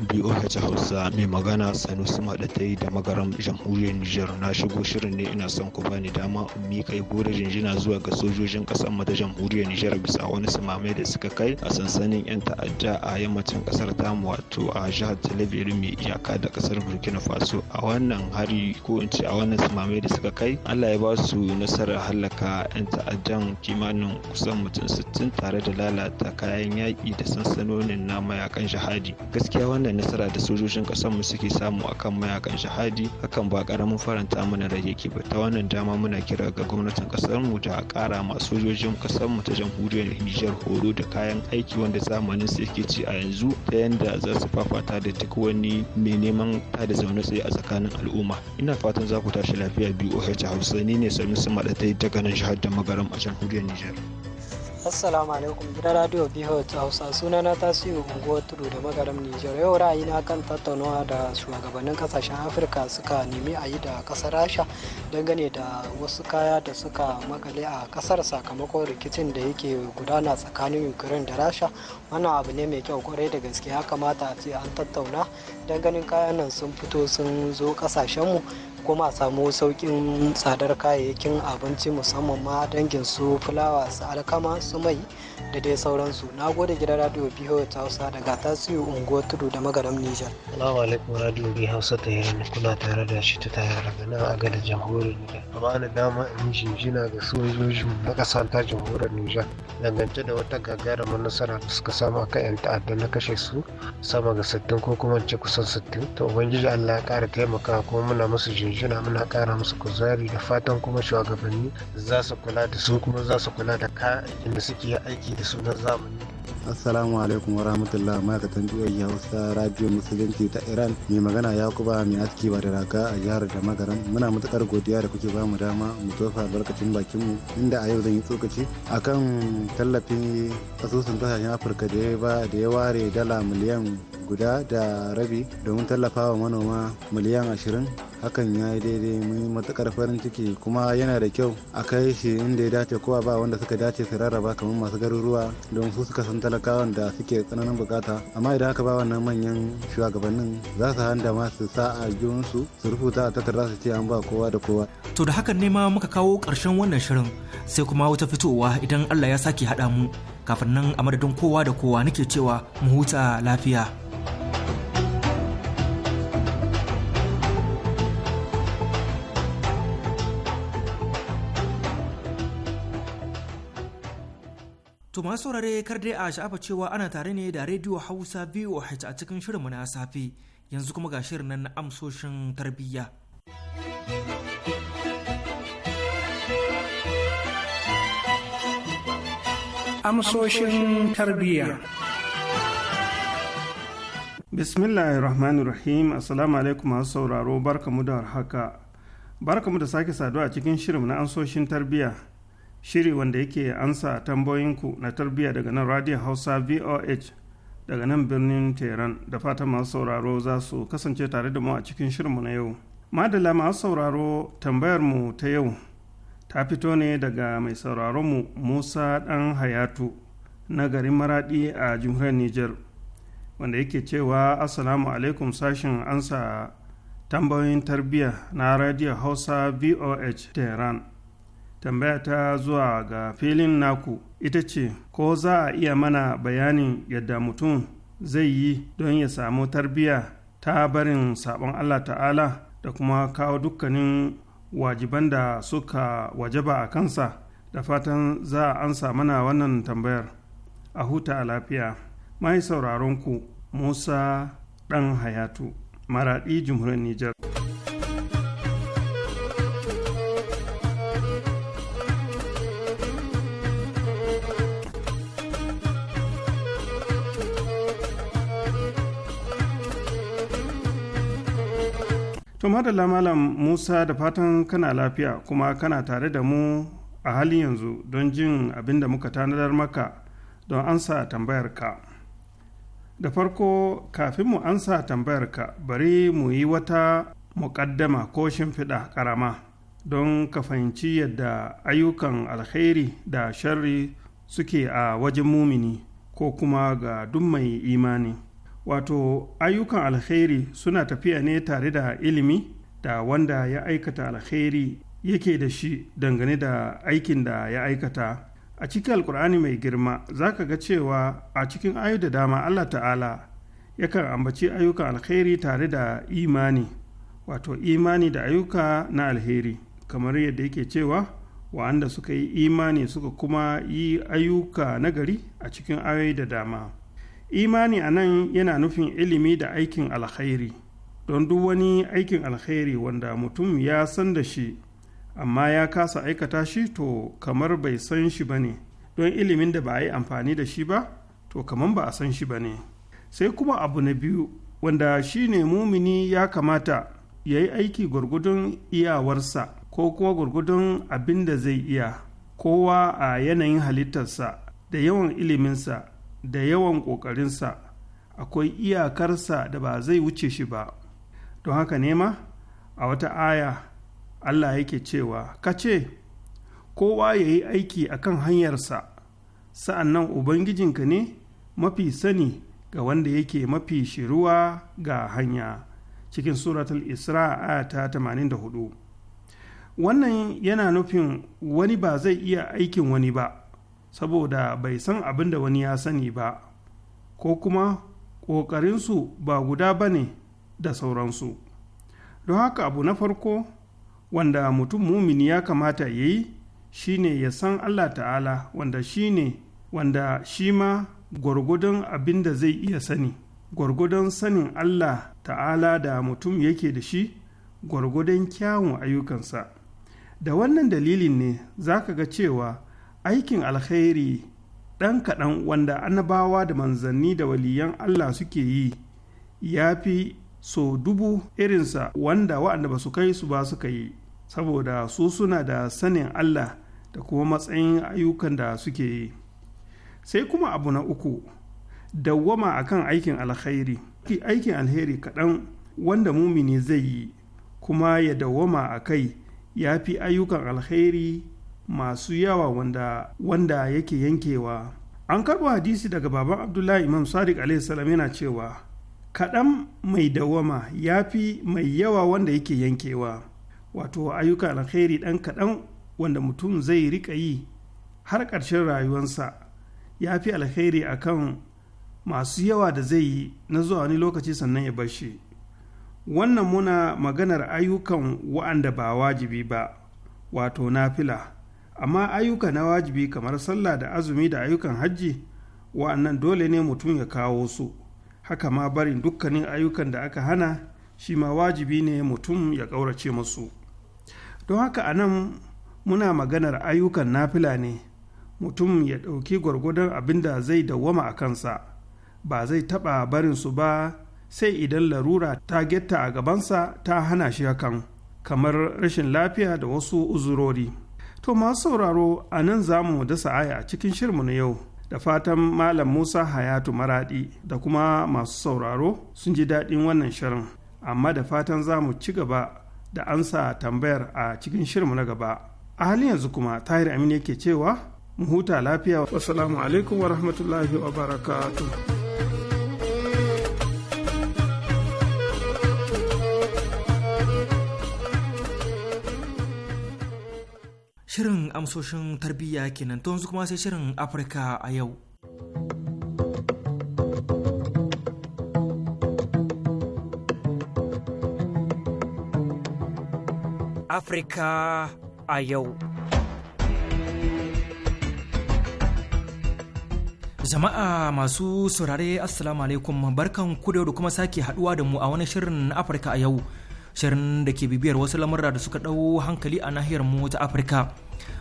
BOH Hausa mai magana Sanusi Maɗatai da magaram jamhuriyar Nijar na shigo shirin ne ina son ku bani dama in miƙa gore jinjina zuwa ga sojojin ƙasar mata ta jamhuriyar Nijar bisa wani sumame da suka kai a sansanin 'yan ta'adda a yammacin ƙasar tamu wato a jihar Talabiri mai iyaka da ƙasar Burkina Faso a wannan hari ko in ce a wannan sumame da suka kai Allah ya ba su nasarar hallaka 'yan ta'addan kimanin kusan mutum 60 tare da lalata kayan yaƙi da sansanonin na mayakan jihadi gaskiya wannan nasara da sojojin mu suke samu akan mayakan shahadi hakan ba karamin faranta mana rage ke ba ta wannan dama muna kira ga gwamnatin mu da kara ma sojojin mu ta jamhuriyar Nijar horo da kayan aiki wanda zamanin su yake ci a yanzu ta yanda za su fafata da duk wani mai neman ta da zaune tsaye a tsakanin al'umma ina fatan za ku tashi lafiya BOH Hausa ni ne Sanusi Madatai daga nan jihar da magaram a jamhuriyar Nijar. Assalamu alaikum gidan radio ta Hausa suna na tasiru unguwar tudu da magaram Nijar yau ra'ayina kan tattaunawa da shugabannin kasashen Afirka suka nemi a yi da kasar Rasha dangane da wasu kaya da suka makale a kasar sakamakon rikicin da yake gudana tsakanin Ukraine da Rasha wannan abu ne mai kyau kwarai da gaske ya kamata a ce an tattauna danganin kayan nan sun fito sun zo kasashenmu kuma a samu sauƙin tsadar kayayyakin abinci musamman ma dangin su fulawa su alkama su mai da dai sauransu na gode gidan radio biyu ta hausa daga tasiri unguwa tudu da magaram nijar salamu alaikum radio biyu hausa ta yi kuna tare da shi ta tayar daga nan a gada jamhuriyar nijar a ni dama in jinjina ga sojojin na ƙasa ta jamhuriyar nijar dangance da wata gagarumar nasara da suka samu akan yan ta'adda na kashe su sama ga sittin ko kuma ce kusan sittin to ubangiji allah ya ƙara taimaka kuma muna musu jinjina juna muna kara musu kuzari da fatan kuma shugabanni za su kula da su kuma za su kula da ka inda suke aiki da su na zamani assalamu alaikum warahmatullah ma'aikatan jihohi e hausa radio musulunci ta iran mai magana ya kuba mai aski ba da raka a jihar da magaran muna matukar godiya da kuke bamu dama mu tofa albarkacin bakinmu inda a yau zan yi tsokaci akan tallafin asusun kasashen afirka da ya ware dala miliyan guda da rabi domin tallafa wa manoma miliyan ashirin hakan ya yi daidai mun matukar farin ciki kuma yana da kyau a kai shi inda ya dace kowa ba wanda suka dace su rarraba kamar masu garuruwa don su suka san talakawan da suke tsananin bukata amma idan aka ba wannan manyan shugabannin za su handa ma su sa a su su rubuta a takarda su ce an ba kowa da kowa. to da hakan ne ma muka kawo ƙarshen wannan shirin sai kuma wata fitowa idan allah ya sake haɗa mu kafin nan a madadin kowa da kowa nake cewa mu huta lafiya. tuma saurare kar dai a sha'afa cewa ana tare ne da rediyo Hausa VOH a cikin shirinmu na safe yanzu kuma ga shirin nan na amsoshin tarbiyya. Amsoshin tarbiyya. rahim assalamu alaikum masu sauraro barkamu da warhaka barkamu da sake saduwa a cikin shirin na ansoshin tarbiyya shiri wanda yake ansa tambayoyinku na tarbiyya daga nan radio hausa voh daga nan birnin tehran da fata masu sauraro za su kasance tare da mu a cikin shirinmu na yau madala masu sauraro tambayar mu ta yau ta fito ne daga mai sauraron sauraronmu musa dan hayatu na garin maradi a jimhuriyar niger wanda yake cewa assalamu alaikum sashin ansa tambayoyin tarbiyya na radio hausa voh tehran tambaya ta zuwa ga filin naku ita ce ko za a iya mana bayanin yadda mutum zai yi don ya samu tarbiyya ta barin sabon allah ta'ala da kuma kawo dukkanin wajiban da suka wajaba a kansa da fatan za a ansa mana wannan tambayar a huta a lafiya mai sauraron ku musa ɗan hayatu maraɗi jamhuriyar nijar To madalla Malam Musa da fatan kana lafiya kuma kana tare da mu a halin yanzu don jin abin da muka tanadar maka don ansa tambayar ka. da farko kafin mu ansa ka bari mu yi wata muƙaddama ko shimfiɗa ƙarama don ka fahimci yadda ayyukan alkhairi da sharri suke a wajen mumini ko kuma ga duk mai imani wato ayyukan alkhairi suna tafiya ne tare da ilimi da wanda ya aikata alheri yake da shi dangane da aikin da ya aikata a cikin alkur'ani mai girma za ka ga cewa a cikin ayu da dama allah ta'ala yakan ambaci ayyukan alheri tare da imani wato imani da ayyuka na alheri kamar yadda yake cewa wa'anda suka yi imani suka kuma yi ayyuka nagari a cikin ayoyi da dama imani a nan yana nufin ilimi da aikin alkhairi don duk wani aikin alkhairi wanda mutum ya san da shi amma ya kasa aikata shi to kamar bai san shi ba ne don ilimin da ba a yi amfani da shi ba to kamar ba a san shi ba ne sai kuma abu na biyu wanda shi ne mumini ya kamata ya yi aiki gwargudun iyawarsa ko kuma gwargudun abin da zai iya kowa a yanayin halittarsa da yawan iliminsa da yawan ƙoƙarinsa akwai iyakarsa da ba zai wuce shi ba don haka nema a wata aya Allah yake cewa ka ce kowa ya yi aiki a kan hanyarsa sa'an nan ubangijinka ne mafi sani ga wanda yake mafi shiruwa ga hanya cikin suratul isra ta 84 wannan yana nufin wani ba zai iya aikin wani ba saboda bai san abin da wani ya sani ba ko kuma ƙoƙarinsu ba guda ba ne da sauransu don haka abu na farko wanda mutum mumini ya kamata ya yi shi ne ya san Allah ta'ala wanda shine wanda shi ma gwargwadon abin da zai iya sani gwargwadon sanin Allah ta'ala da mutum yake da shi gwargwadon kyawun ayyukansa da wannan dalilin ne za ka ga cewa aikin alkhairi ɗan kaɗan wanda annabawa da manzanni da waliyan Allah suke yi ya fi so dubu irinsa wanda wa'anda ba su kai su ba suka yi saboda su suna da sanin Allah da kuma matsayin ayyukan da suke yi sai kuma abu na uku dawwama akan aikin alkhairi aikin alheri kaɗan wanda mumini zai yi kuma ya dawwama a kai ya fi ayyukan alkhairi masu yawa wanda wanda yake yankewa an karɓo hadisi daga baban abdullahi imam sadiq alaihissalam yana cewa kaɗan mai dawwama ya fi mai yawa wanda yake yankewa wato ayyuka alkhairi ɗan kaɗan wanda mutum zai riƙa yi har ƙarshen rayuwarsa ya fi alkhairi akan masu yawa da zai yi na zuwa wani lokaci sannan ya bar shi wannan muna maganar ayyukan wa'anda ba wajibi ba wato nafila amma ayyuka na wajibi kamar sallah da azumi da ayyukan hajji wa'annan dole ne mutum ya kawo su haka ma barin dukkanin ayyukan da aka hana shi ma wajibi ne mutum ya ƙaurace musu. don haka a nan muna maganar ayyukan nafila ne mutum ya ɗauki gwargwadon abin da zai dawwama a kansa ba zai taɓa barin su ba sai idan larura ta getta a gabansa ta hana shi hakan kamar rashin lafiya da wasu uzurori to masu sauraro a nan za mu dasa aya a cikin shirmu na yau da fatan malam musa hayatu maradi da kuma masu sauraro sun ji daɗin wannan shirin amma da fatan za mu ci gaba da ansa tambayar a cikin shirinmu na gaba a halin yanzu kuma tahir amin yake cewa mu huta lafiya wasalamu alaikum wa rahmatullahi wa barakatuh Shirin amsoshin tarbiyya kenan to yanzu kuma sai shirin Afirka a yau. Afrika a yau. Jama'a masu saurare Assalamu alaikum barkan ku da kuma sake haduwa da mu a wani shirin na Afirka a yau. Shirin da ke bibiyar wasu lamurra da suka ɗau hankali a nahiyar mu ta Afirka.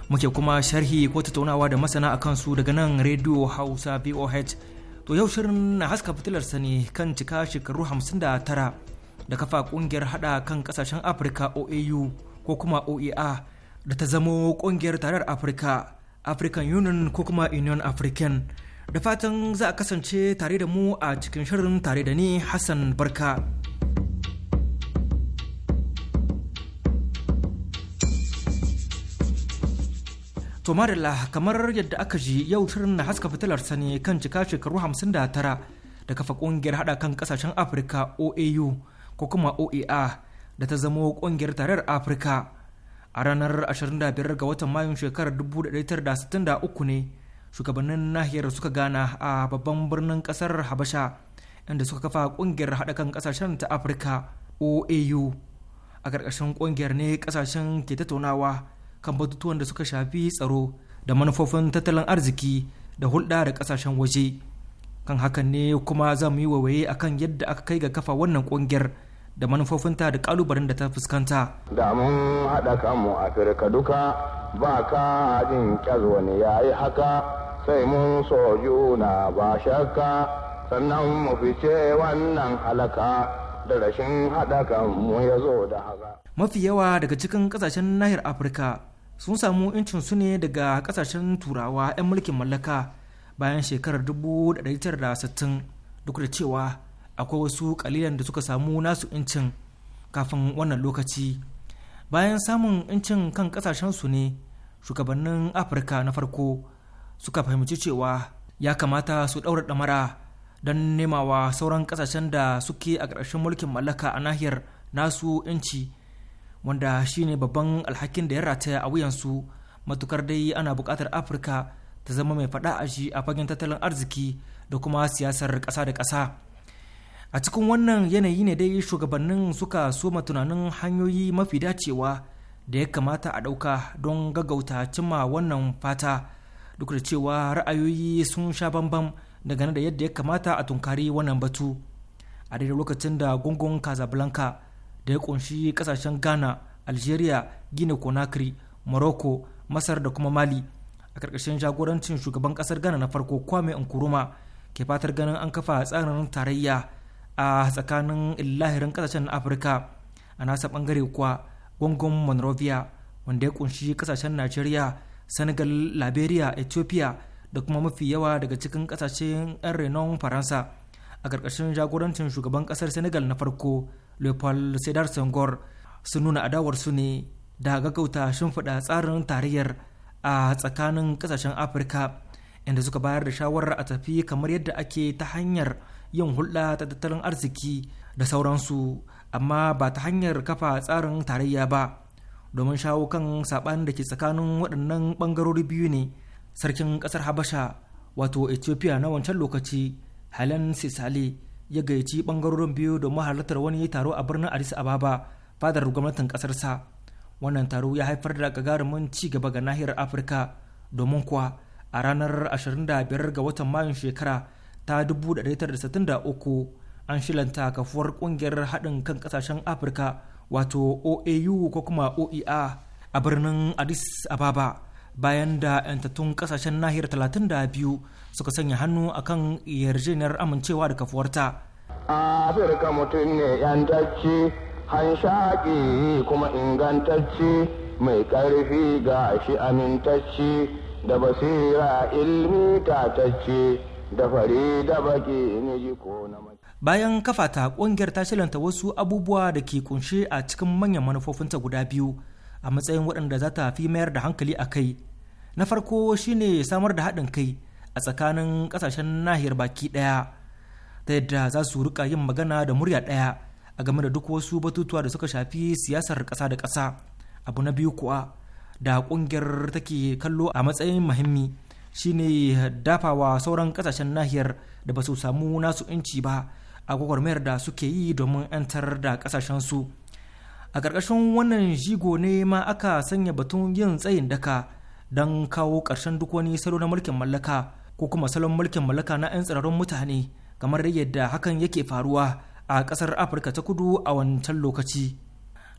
Muke kuma sharhi ko tattaunawa da masana a kansu daga nan Radio Hausa VOH. To yau shirin na haska fitilar sani kan cika shekaru 59 da kafa kungiyar hada kan kasashen Afirka OAU. ko kuma oea da ta zamo kungiyar tarar afirka african union ko kuma union african da fatan za a kasance tare da mu a cikin shirin tare da ni hassan barka To kamar yadda aka ji yau shirin na haska fitilar sani kan cika shekaru 59 da kafa kungiyar hada kan kasashen Afirka OAU ko kuma OEA da ta zamo ƙungiyar tarar afirka a ranar 25 ga watan mayun shekarar 1963 ne shugabannin nahiyar suka gana a babban birnin kasar habasha inda suka kafa kungiyar haɗa kan ƙasashen ta afirka oau a ƙarƙashin kungiyar ne ƙasashen ke tattaunawa kan batutuwan da suka shafi tsaro da manufofin tattalin arziki da hulɗa da ƙasashen waje kan hakan ne kuma za yi wawaye akan yadda aka kai ga kafa wannan ƙungiyar. da manufofinta da kalubalen da ta fuskanta. Da mun haɗa kanmu Afirka duka ba ka jin ƙyar wani ya yi haka sai mun so juna ba shakka sannan mu fice wannan halaka da rashin haɗa kanmu ya zo da haka. Mafi yawa daga cikin ƙasashen nahiyar Afirka sun samu incin su ne daga ƙasashen turawa 'yan mulkin mallaka bayan shekarar 1960 duk da cewa akwai wasu kalilan da suka samu nasu incin kafin wannan lokaci bayan samun incin kan kasashensu ne shugabannin afirka na farko suka fahimci cewa ya kamata su ɗaura ɗamara don nemawa sauran kasashen da suke a ƙarshen mulkin mallaka a nahiyar nasu inci wanda shine babban alhakin da ya rataya a wuyansu matukar dai ana buƙatar afirka ta zama mai faɗa a shi a fagen tattalin arziki da kuma siyasar ƙasa da ƙasa a cikin wannan yanayi ne dai shugabannin suka soma tunanin hanyoyi mafi dacewa da ya kamata a ɗauka don gaggauta cimma wannan fata duk da cewa ra'ayoyi sun sha bambam dangane da yadda ya kamata a tunkari wannan batu a daidai lokacin da gungun casablanca da ya kunshi kasashen ghana algeria guinea conakry morocco masar da kuma mali a ƙarƙashin jagorancin shugaban ƙasar ghana na farko kwame nkuruma ke fatar ganin an kafa tsarin tarayya a tsakanin lahirin kasashen afirka a nasa bangare kuwa gungun monrovia wanda ya kunshi kasashen najeriya senegal liberia ethiopia da kuma mafi yawa daga cikin kasashen 'yan renon faransa a ƙarƙashin jagorancin shugaban ƙasar senegal na farko leopold sedar senghor sun nuna su ne da gaggauta shimfiɗa tsarin tarayyar a tsakanin ƙasashen afirka inda suka bayar da shawarar a tafi kamar yadda ake ta hanyar yin hulɗa ta tattalin arziki da sauransu amma ba ta hanyar kafa tsarin tarayya ba domin shawo kan saɓanin da ke tsakanin waɗannan ɓangarori biyu ne sarkin ƙasar habasha wato ethiopia na wancan lokaci helen sisale ya gayyaci ɓangarorin biyu domin halartar wani taro a birnin addis ababa fadar gwamnatin ƙasarsa wannan taro ya haifar da gagarumin ci gaba ga nahiyar afirka domin kuwa a ranar 25 ga watan mayun shekara ta 1963 an shilanta kafuwar kungiyar haɗin kan ƙasashen afirka wato oau ko kuma oea a birnin addis ababa bayan da 'yantattun ƙasashen nahiyar 32 suka sanya hannu a kan yarjejeniyar amincewa da kafuwar kafuwarta afirka mutum ne 'yantacce hanshaƙi kuma ingantacci mai ƙarfi ga shi amintacci da basira ilmi tatacce bayan kafa ta kungiyar ta shilanta wasu abubuwa da ke kunshe a cikin manyan manufofinta guda biyu a matsayin waɗanda za ta fi mayar da hankali a kai na farko shine samar da haɗin kai a tsakanin ƙasashen nahiyar baki ɗaya ta yadda za su rika yin magana da murya ɗaya a game da duk wasu batutuwa da suka shafi siyasar ƙasa da ƙasa abu na biyu kuwa da ƙungiyar take kallo a matsayin muhimmi shine dafawa sauran kasashen nahiyar da ba su samu nasu inci ba a gwagwarmayar da suke yi domin 'yantar da su. a ƙarƙashin wannan jigo ne ma aka sanya batun yin tsayin daka don kawo ƙarshen duk wani salo na mulkin mallaka ko kuma salon mulkin mallaka na 'yan tsirarun mutane kamar yadda hakan yake faruwa a ƙasar afirka ta kudu a wancan lokaci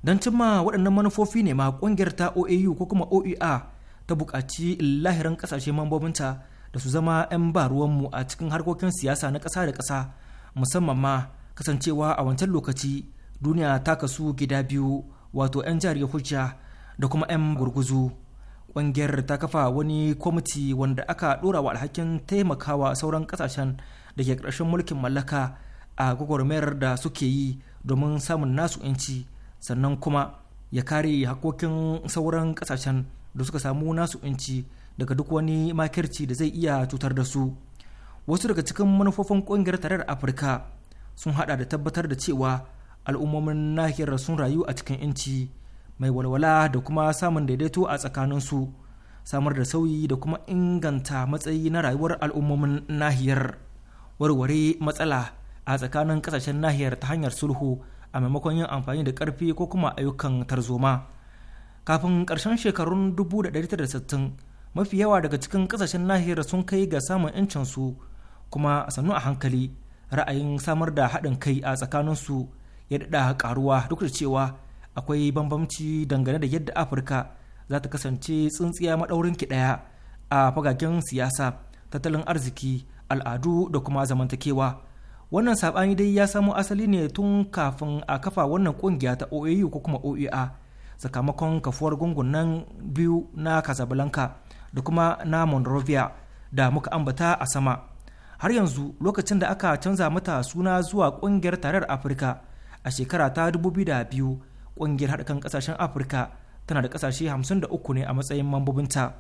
don cimma waɗannan manufofi ne ma ƙungiyar ta oau ko kuma oer ta buƙaci lahirin ƙasashe mambobinta da su zama 'yan ba ruwanmu a cikin harkokin siyasa na ƙasa da ƙasa musamman ma kasancewa a wancan lokaci duniya ta kasu gida biyu wato 'yan jihar hujja da kuma 'yan gurguzu ƙungiyar ta kafa wani kwamiti wanda aka ɗora wa alhakin taimakawa sauran ƙasashen da ke ƙarshen mulkin mallaka a gwagwarmayar da suke yi domin samun nasu 'yanci sannan kuma ya kare hakokin sauran ƙasashen da suka samu nasu inci daga duk wani makirci da zai iya cutar da su wasu daga cikin manufofin kungiyar tarayyar afirka sun hada da tabbatar da cewa al'ummomin nahiyar sun rayu a cikin inci mai walwala da kuma samun daidaito a tsakanin su samar da sauyi da kuma inganta matsayi na rayuwar al'ummomin nahiyar warware matsala a tsakanin kasashen nahiyar ta hanyar sulhu a maimakon yin amfani da karfi ko kuma ayyukan tarzoma kafin ƙarshen shekarun 1960 mafi yawa daga cikin ƙasashen nahiyar sun kai ga samun 'yancinsu kuma sannu a hankali ra'ayin samar da haɗin kai a tsakaninsu ya daɗa ƙaruwa duk da cewa akwai bambamci dangane da yadda afirka za ta kasance tsintsiya maɗaurin ki ɗaya a fagagen siyasa tattalin arziki al'adu da kuma zamantakewa wannan saɓani dai ya samo asali ne tun kafin a kafa wannan ƙungiya ta oau ko kuma oea sakamakon kafuwar gungun nan biyu na casablanca da kuma na monrovia da muka ambata a sama har yanzu lokacin da aka canza mata suna zuwa kungiyar tarar afirka a shekara ta 2002 kungiyar haɗakan kasashen afirka tana da ƙasashe 53 ne a matsayin mambobinta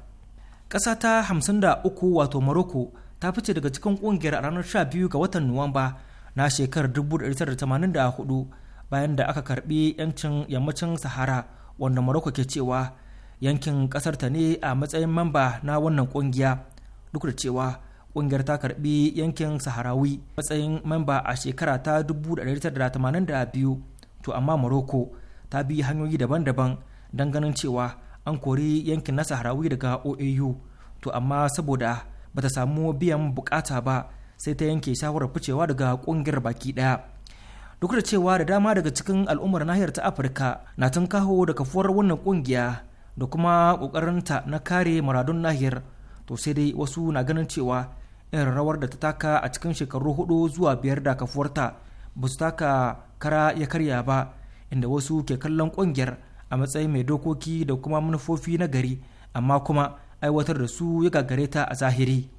ƙasa ta 53 wato morocco ta fice daga cikin kungiyar a ranar 12 ga watan nuwamba na shekarar 1984 bayan da aka karbi 'yancin yammacin sahara wanda Morocco ke cewa yankin kasar ta ne a matsayin mamba na wannan kungiya duk da cewa kungiyar ta karbi yankin Saharawi matsayin mamba a shekara ta 1982 to amma Morocco ta bi hanyoyi daban-daban don ganin cewa an kori yankin na Saharawi daga OAU to amma saboda bata samu biyan bukata ba sai ta yanke shawarar ficewa daga kungiyar baki daya duk da cewa da dama daga cikin al'ummar nahiyar ta afirka na tun kaho da kafuwar wannan kungiya da kuma ta na kare maradun nahiyar to sai dai wasu na ganin cewa irin rawar da ta taka a cikin shekaru hudu zuwa biyar da kafuwarta ba su taka kara ya karya ba inda wasu ke kallon kungiyar a matsayin mai dokoki da kuma manufofi na gari amma kuma aiwatar da su ya gagare ta a zahiri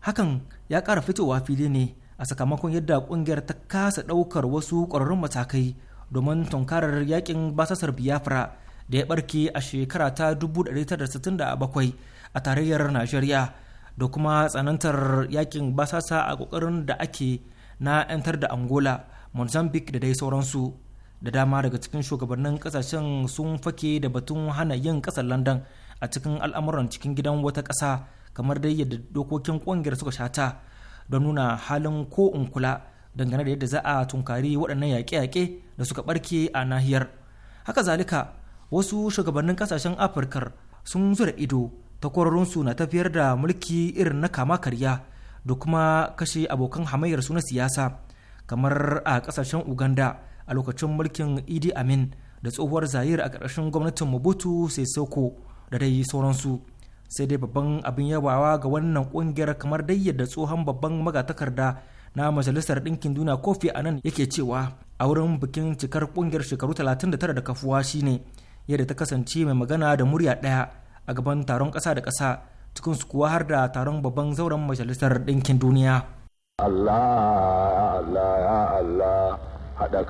hakan ya ƙara fitowa fili ne a sakamakon yadda kungiyar ta kasa daukar wasu ƙwararrun matakai domin tunkarar yakin basasar biafra da ya barke a shekara ta 1967 a tarayyar najeriya da kuma tsanantar yakin basasa a kokarin da ake na 'yantar da angola mozambique da dai sauransu da dama daga cikin shugabannin kasashen sun fake da batun hana yin kasar london a cikin al'amuran cikin gidan wata ƙasa kamar dai yadda dokokin ƙungiyar suka shata don nuna halin ko in kula dangane da yadda za a tunkari waɗannan yaƙe-yaƙe da suka ɓarke a nahiyar haka zalika wasu shugabannin ƙasashen afirkar sun zura ido takwarorinsu na tafiyar da mulki irin na kama karya da kuma kashe abokan hamayyarsu na siyasa kamar a ƙasashen uganda a lokacin mulkin idi amin da tsohuwar zayir a ƙarƙashin gwamnatin mobutu sesoko da dai sauransu sai dai babban abin yawawa ga wannan kungiyar kamar dai yadda tsohon babban magatakarda na majalisar ɗinkin duniya kofi a nan yake cewa a wurin bikin cikar kungiyar shekaru 39 da kafuwa shine yadda ta kasance mai magana da murya ɗaya a gaban taron kasa da kasa cikin su kuwa har da taron babban zauren majalisar ɗinkin duniya. Allah Allah Allah haɗa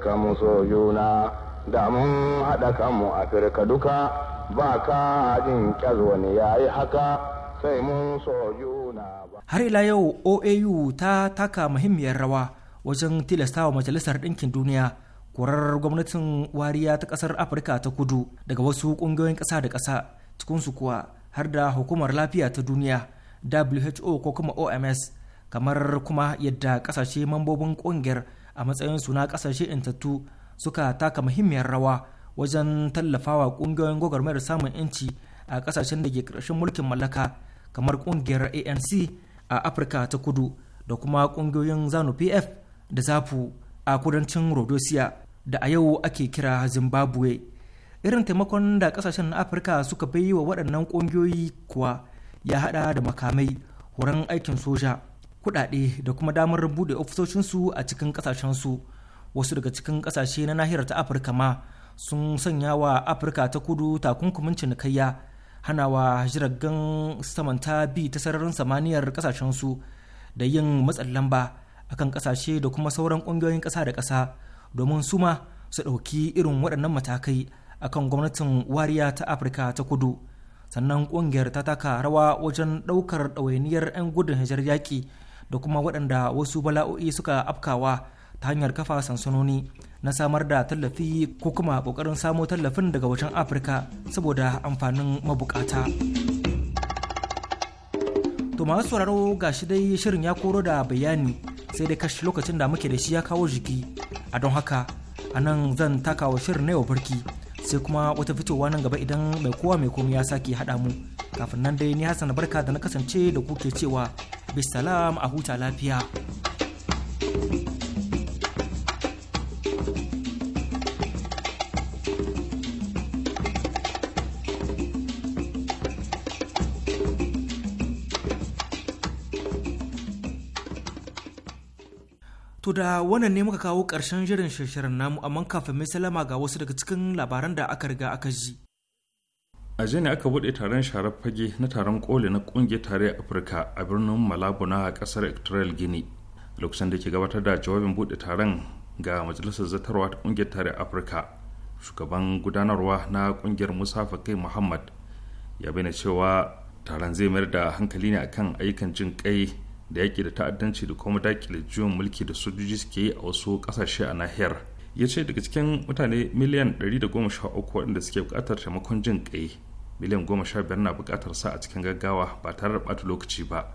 kanmu so juna da mun haɗa kanmu Afirka duka ba ka jin wani ya yi haka sai mun so juna ba. Har ila yau OAU ta taka muhimmiyar rawa wajen tilastawa Majalisar Ɗinkin Duniya korar gwamnatin wariya ta ƙasar Afirka ta kudu daga wasu ƙungiyoyin ƙasa da ƙasa cikinsu kuwa har da hukumar lafiya ta duniya WHO ko kuma OMS kamar kuma yadda kasashe mambobin ƙungiyar a matsayin suna na ƙasashe intattu suka taka muhimmiyar rawa wajen tallafawa ƙungiyoyin gwagwarmayar samun 'yanci a kasashen da ke ƙarshen mulkin mallaka kamar kungiyar anc a afirka ta kudu da kuma kungiyoyin zanu pf da zafu a kudancin rhodesia da a yau ake kira zimbabwe irin taimakon da ƙasashen afirka suka bai wa waɗannan ƙungiyoyi kuwa ya haɗa da makamai horon aikin soja kuɗaɗe da kuma damar buɗe ofisoshinsu a cikin ƙasashensu wasu daga cikin ƙasashe na nahiyar ta afirka ma sun sanya wa afirka ta kudu takunkumin cinikayya hanawa jiragen samanta bi ta sararin samaniyar kasashensu da yin matsin lamba kan kasashe da kuma sauran ƙungiyoyin ƙasa da ƙasa domin su ma su ɗauki irin waɗannan matakai a kan gwamnatin wariya ta afirka ta kudu sannan ƙungiyar ta taka rawa wajen ɗaukar ɗawainiyar 'yan gudun hijar yaƙi da kuma waɗanda wasu bala'o'i suka afkawa ta hanyar kafa sansanoni na samar da tallafi ko kuma kokarin samo tallafin daga wajen afirka saboda amfanin mabukata to masu sauraro ga shi dai shirin ya koro da bayani sai dai kashi lokacin da muke da shi ya kawo jiki a don haka a nan zan takawa shirin na yau barki sai kuma wata fitowa nan gaba idan mai kowa mai komi ya sake haɗa mu kafin nan dai ni hassan barka da na kasance da kuke cewa bisalam a huta lafiya. thank you To da wannan ne muka kawo ƙarshen shirin shirin namu amma kafin mai salama ga wasu daga cikin labaran da aka riga aka ji. A jiya ne aka buɗe taron sharar fage na taron koli na ƙungiyar a Afirka a birnin Malabo na ƙasar Equatorial Guinea. Lokacin da ke gabatar da jawabin buɗe taron ga majalisar zartarwa ta ƙungiyar a Afirka, shugaban gudanarwa na ƙungiyar Musa Fakai Muhammad ya bayyana cewa taron zai mayar da hankali ne akan ayyukan jin kai da yake da ta'addanci da kuma dakile juyin mulki da sojoji suke yi a wasu kasashe a nahiyar ya ce daga cikin mutane miliyan 113 waɗanda suke buƙatar taimakon jin ƙai miliyan 15 na buƙatar sa a cikin gaggawa ba tare da bata lokaci ba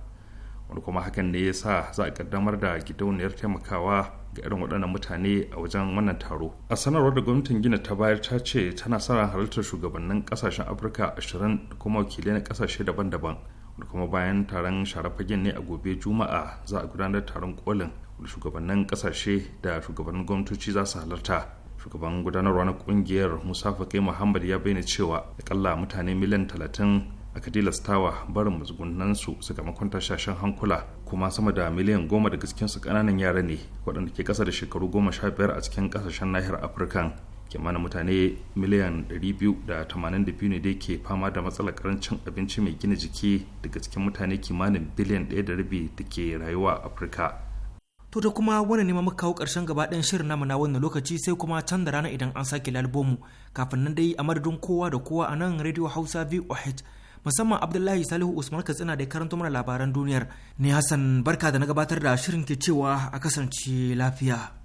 wani kuma hakan ne ya sa za a kaddamar da gidauniyar taimakawa ga irin waɗannan mutane a wajen wannan taro a sanarwar da gwamnatin gina ta bayar ta ce tana sa halartar shugabannin ƙasashen afirka 20 da kuma wakilai na ƙasashe daban-daban da kuma bayan taron sharafagen ne a gobe juma'a za a gudanar taron kolin da shugabannin kasashe da shugabannin gwamnatoci za su halarta shugaban gudanarwa na kungiyar musa fakai muhammad ya bayyana cewa akalla mutane miliyan talatin aka tilastawa barin musgunansu sakamakon tashashen hankula kuma sama da miliyan goma da cikinsu kananan yara ne waɗanda ke ƙasa da shekaru goma sha biyar a cikin kasashen nahiyar afirka kimanin mutane miliyan 282 ne dai ke fama da matsalar karancin abinci mai gina jiki daga cikin mutane kimanin biliyan 1.5 da ke rayuwa a afirka to da kuma wani ne muka kawo karshen gaba shirin namu na wannan lokaci sai kuma can da rana idan an sake lalbomu kafin nan dai a madadin kowa da kowa a nan radio hausa voh musamman abdullahi salihu usman katsina da karanto mana labaran duniyar ne hassan barka da na gabatar da shirin ke cewa a kasance lafiya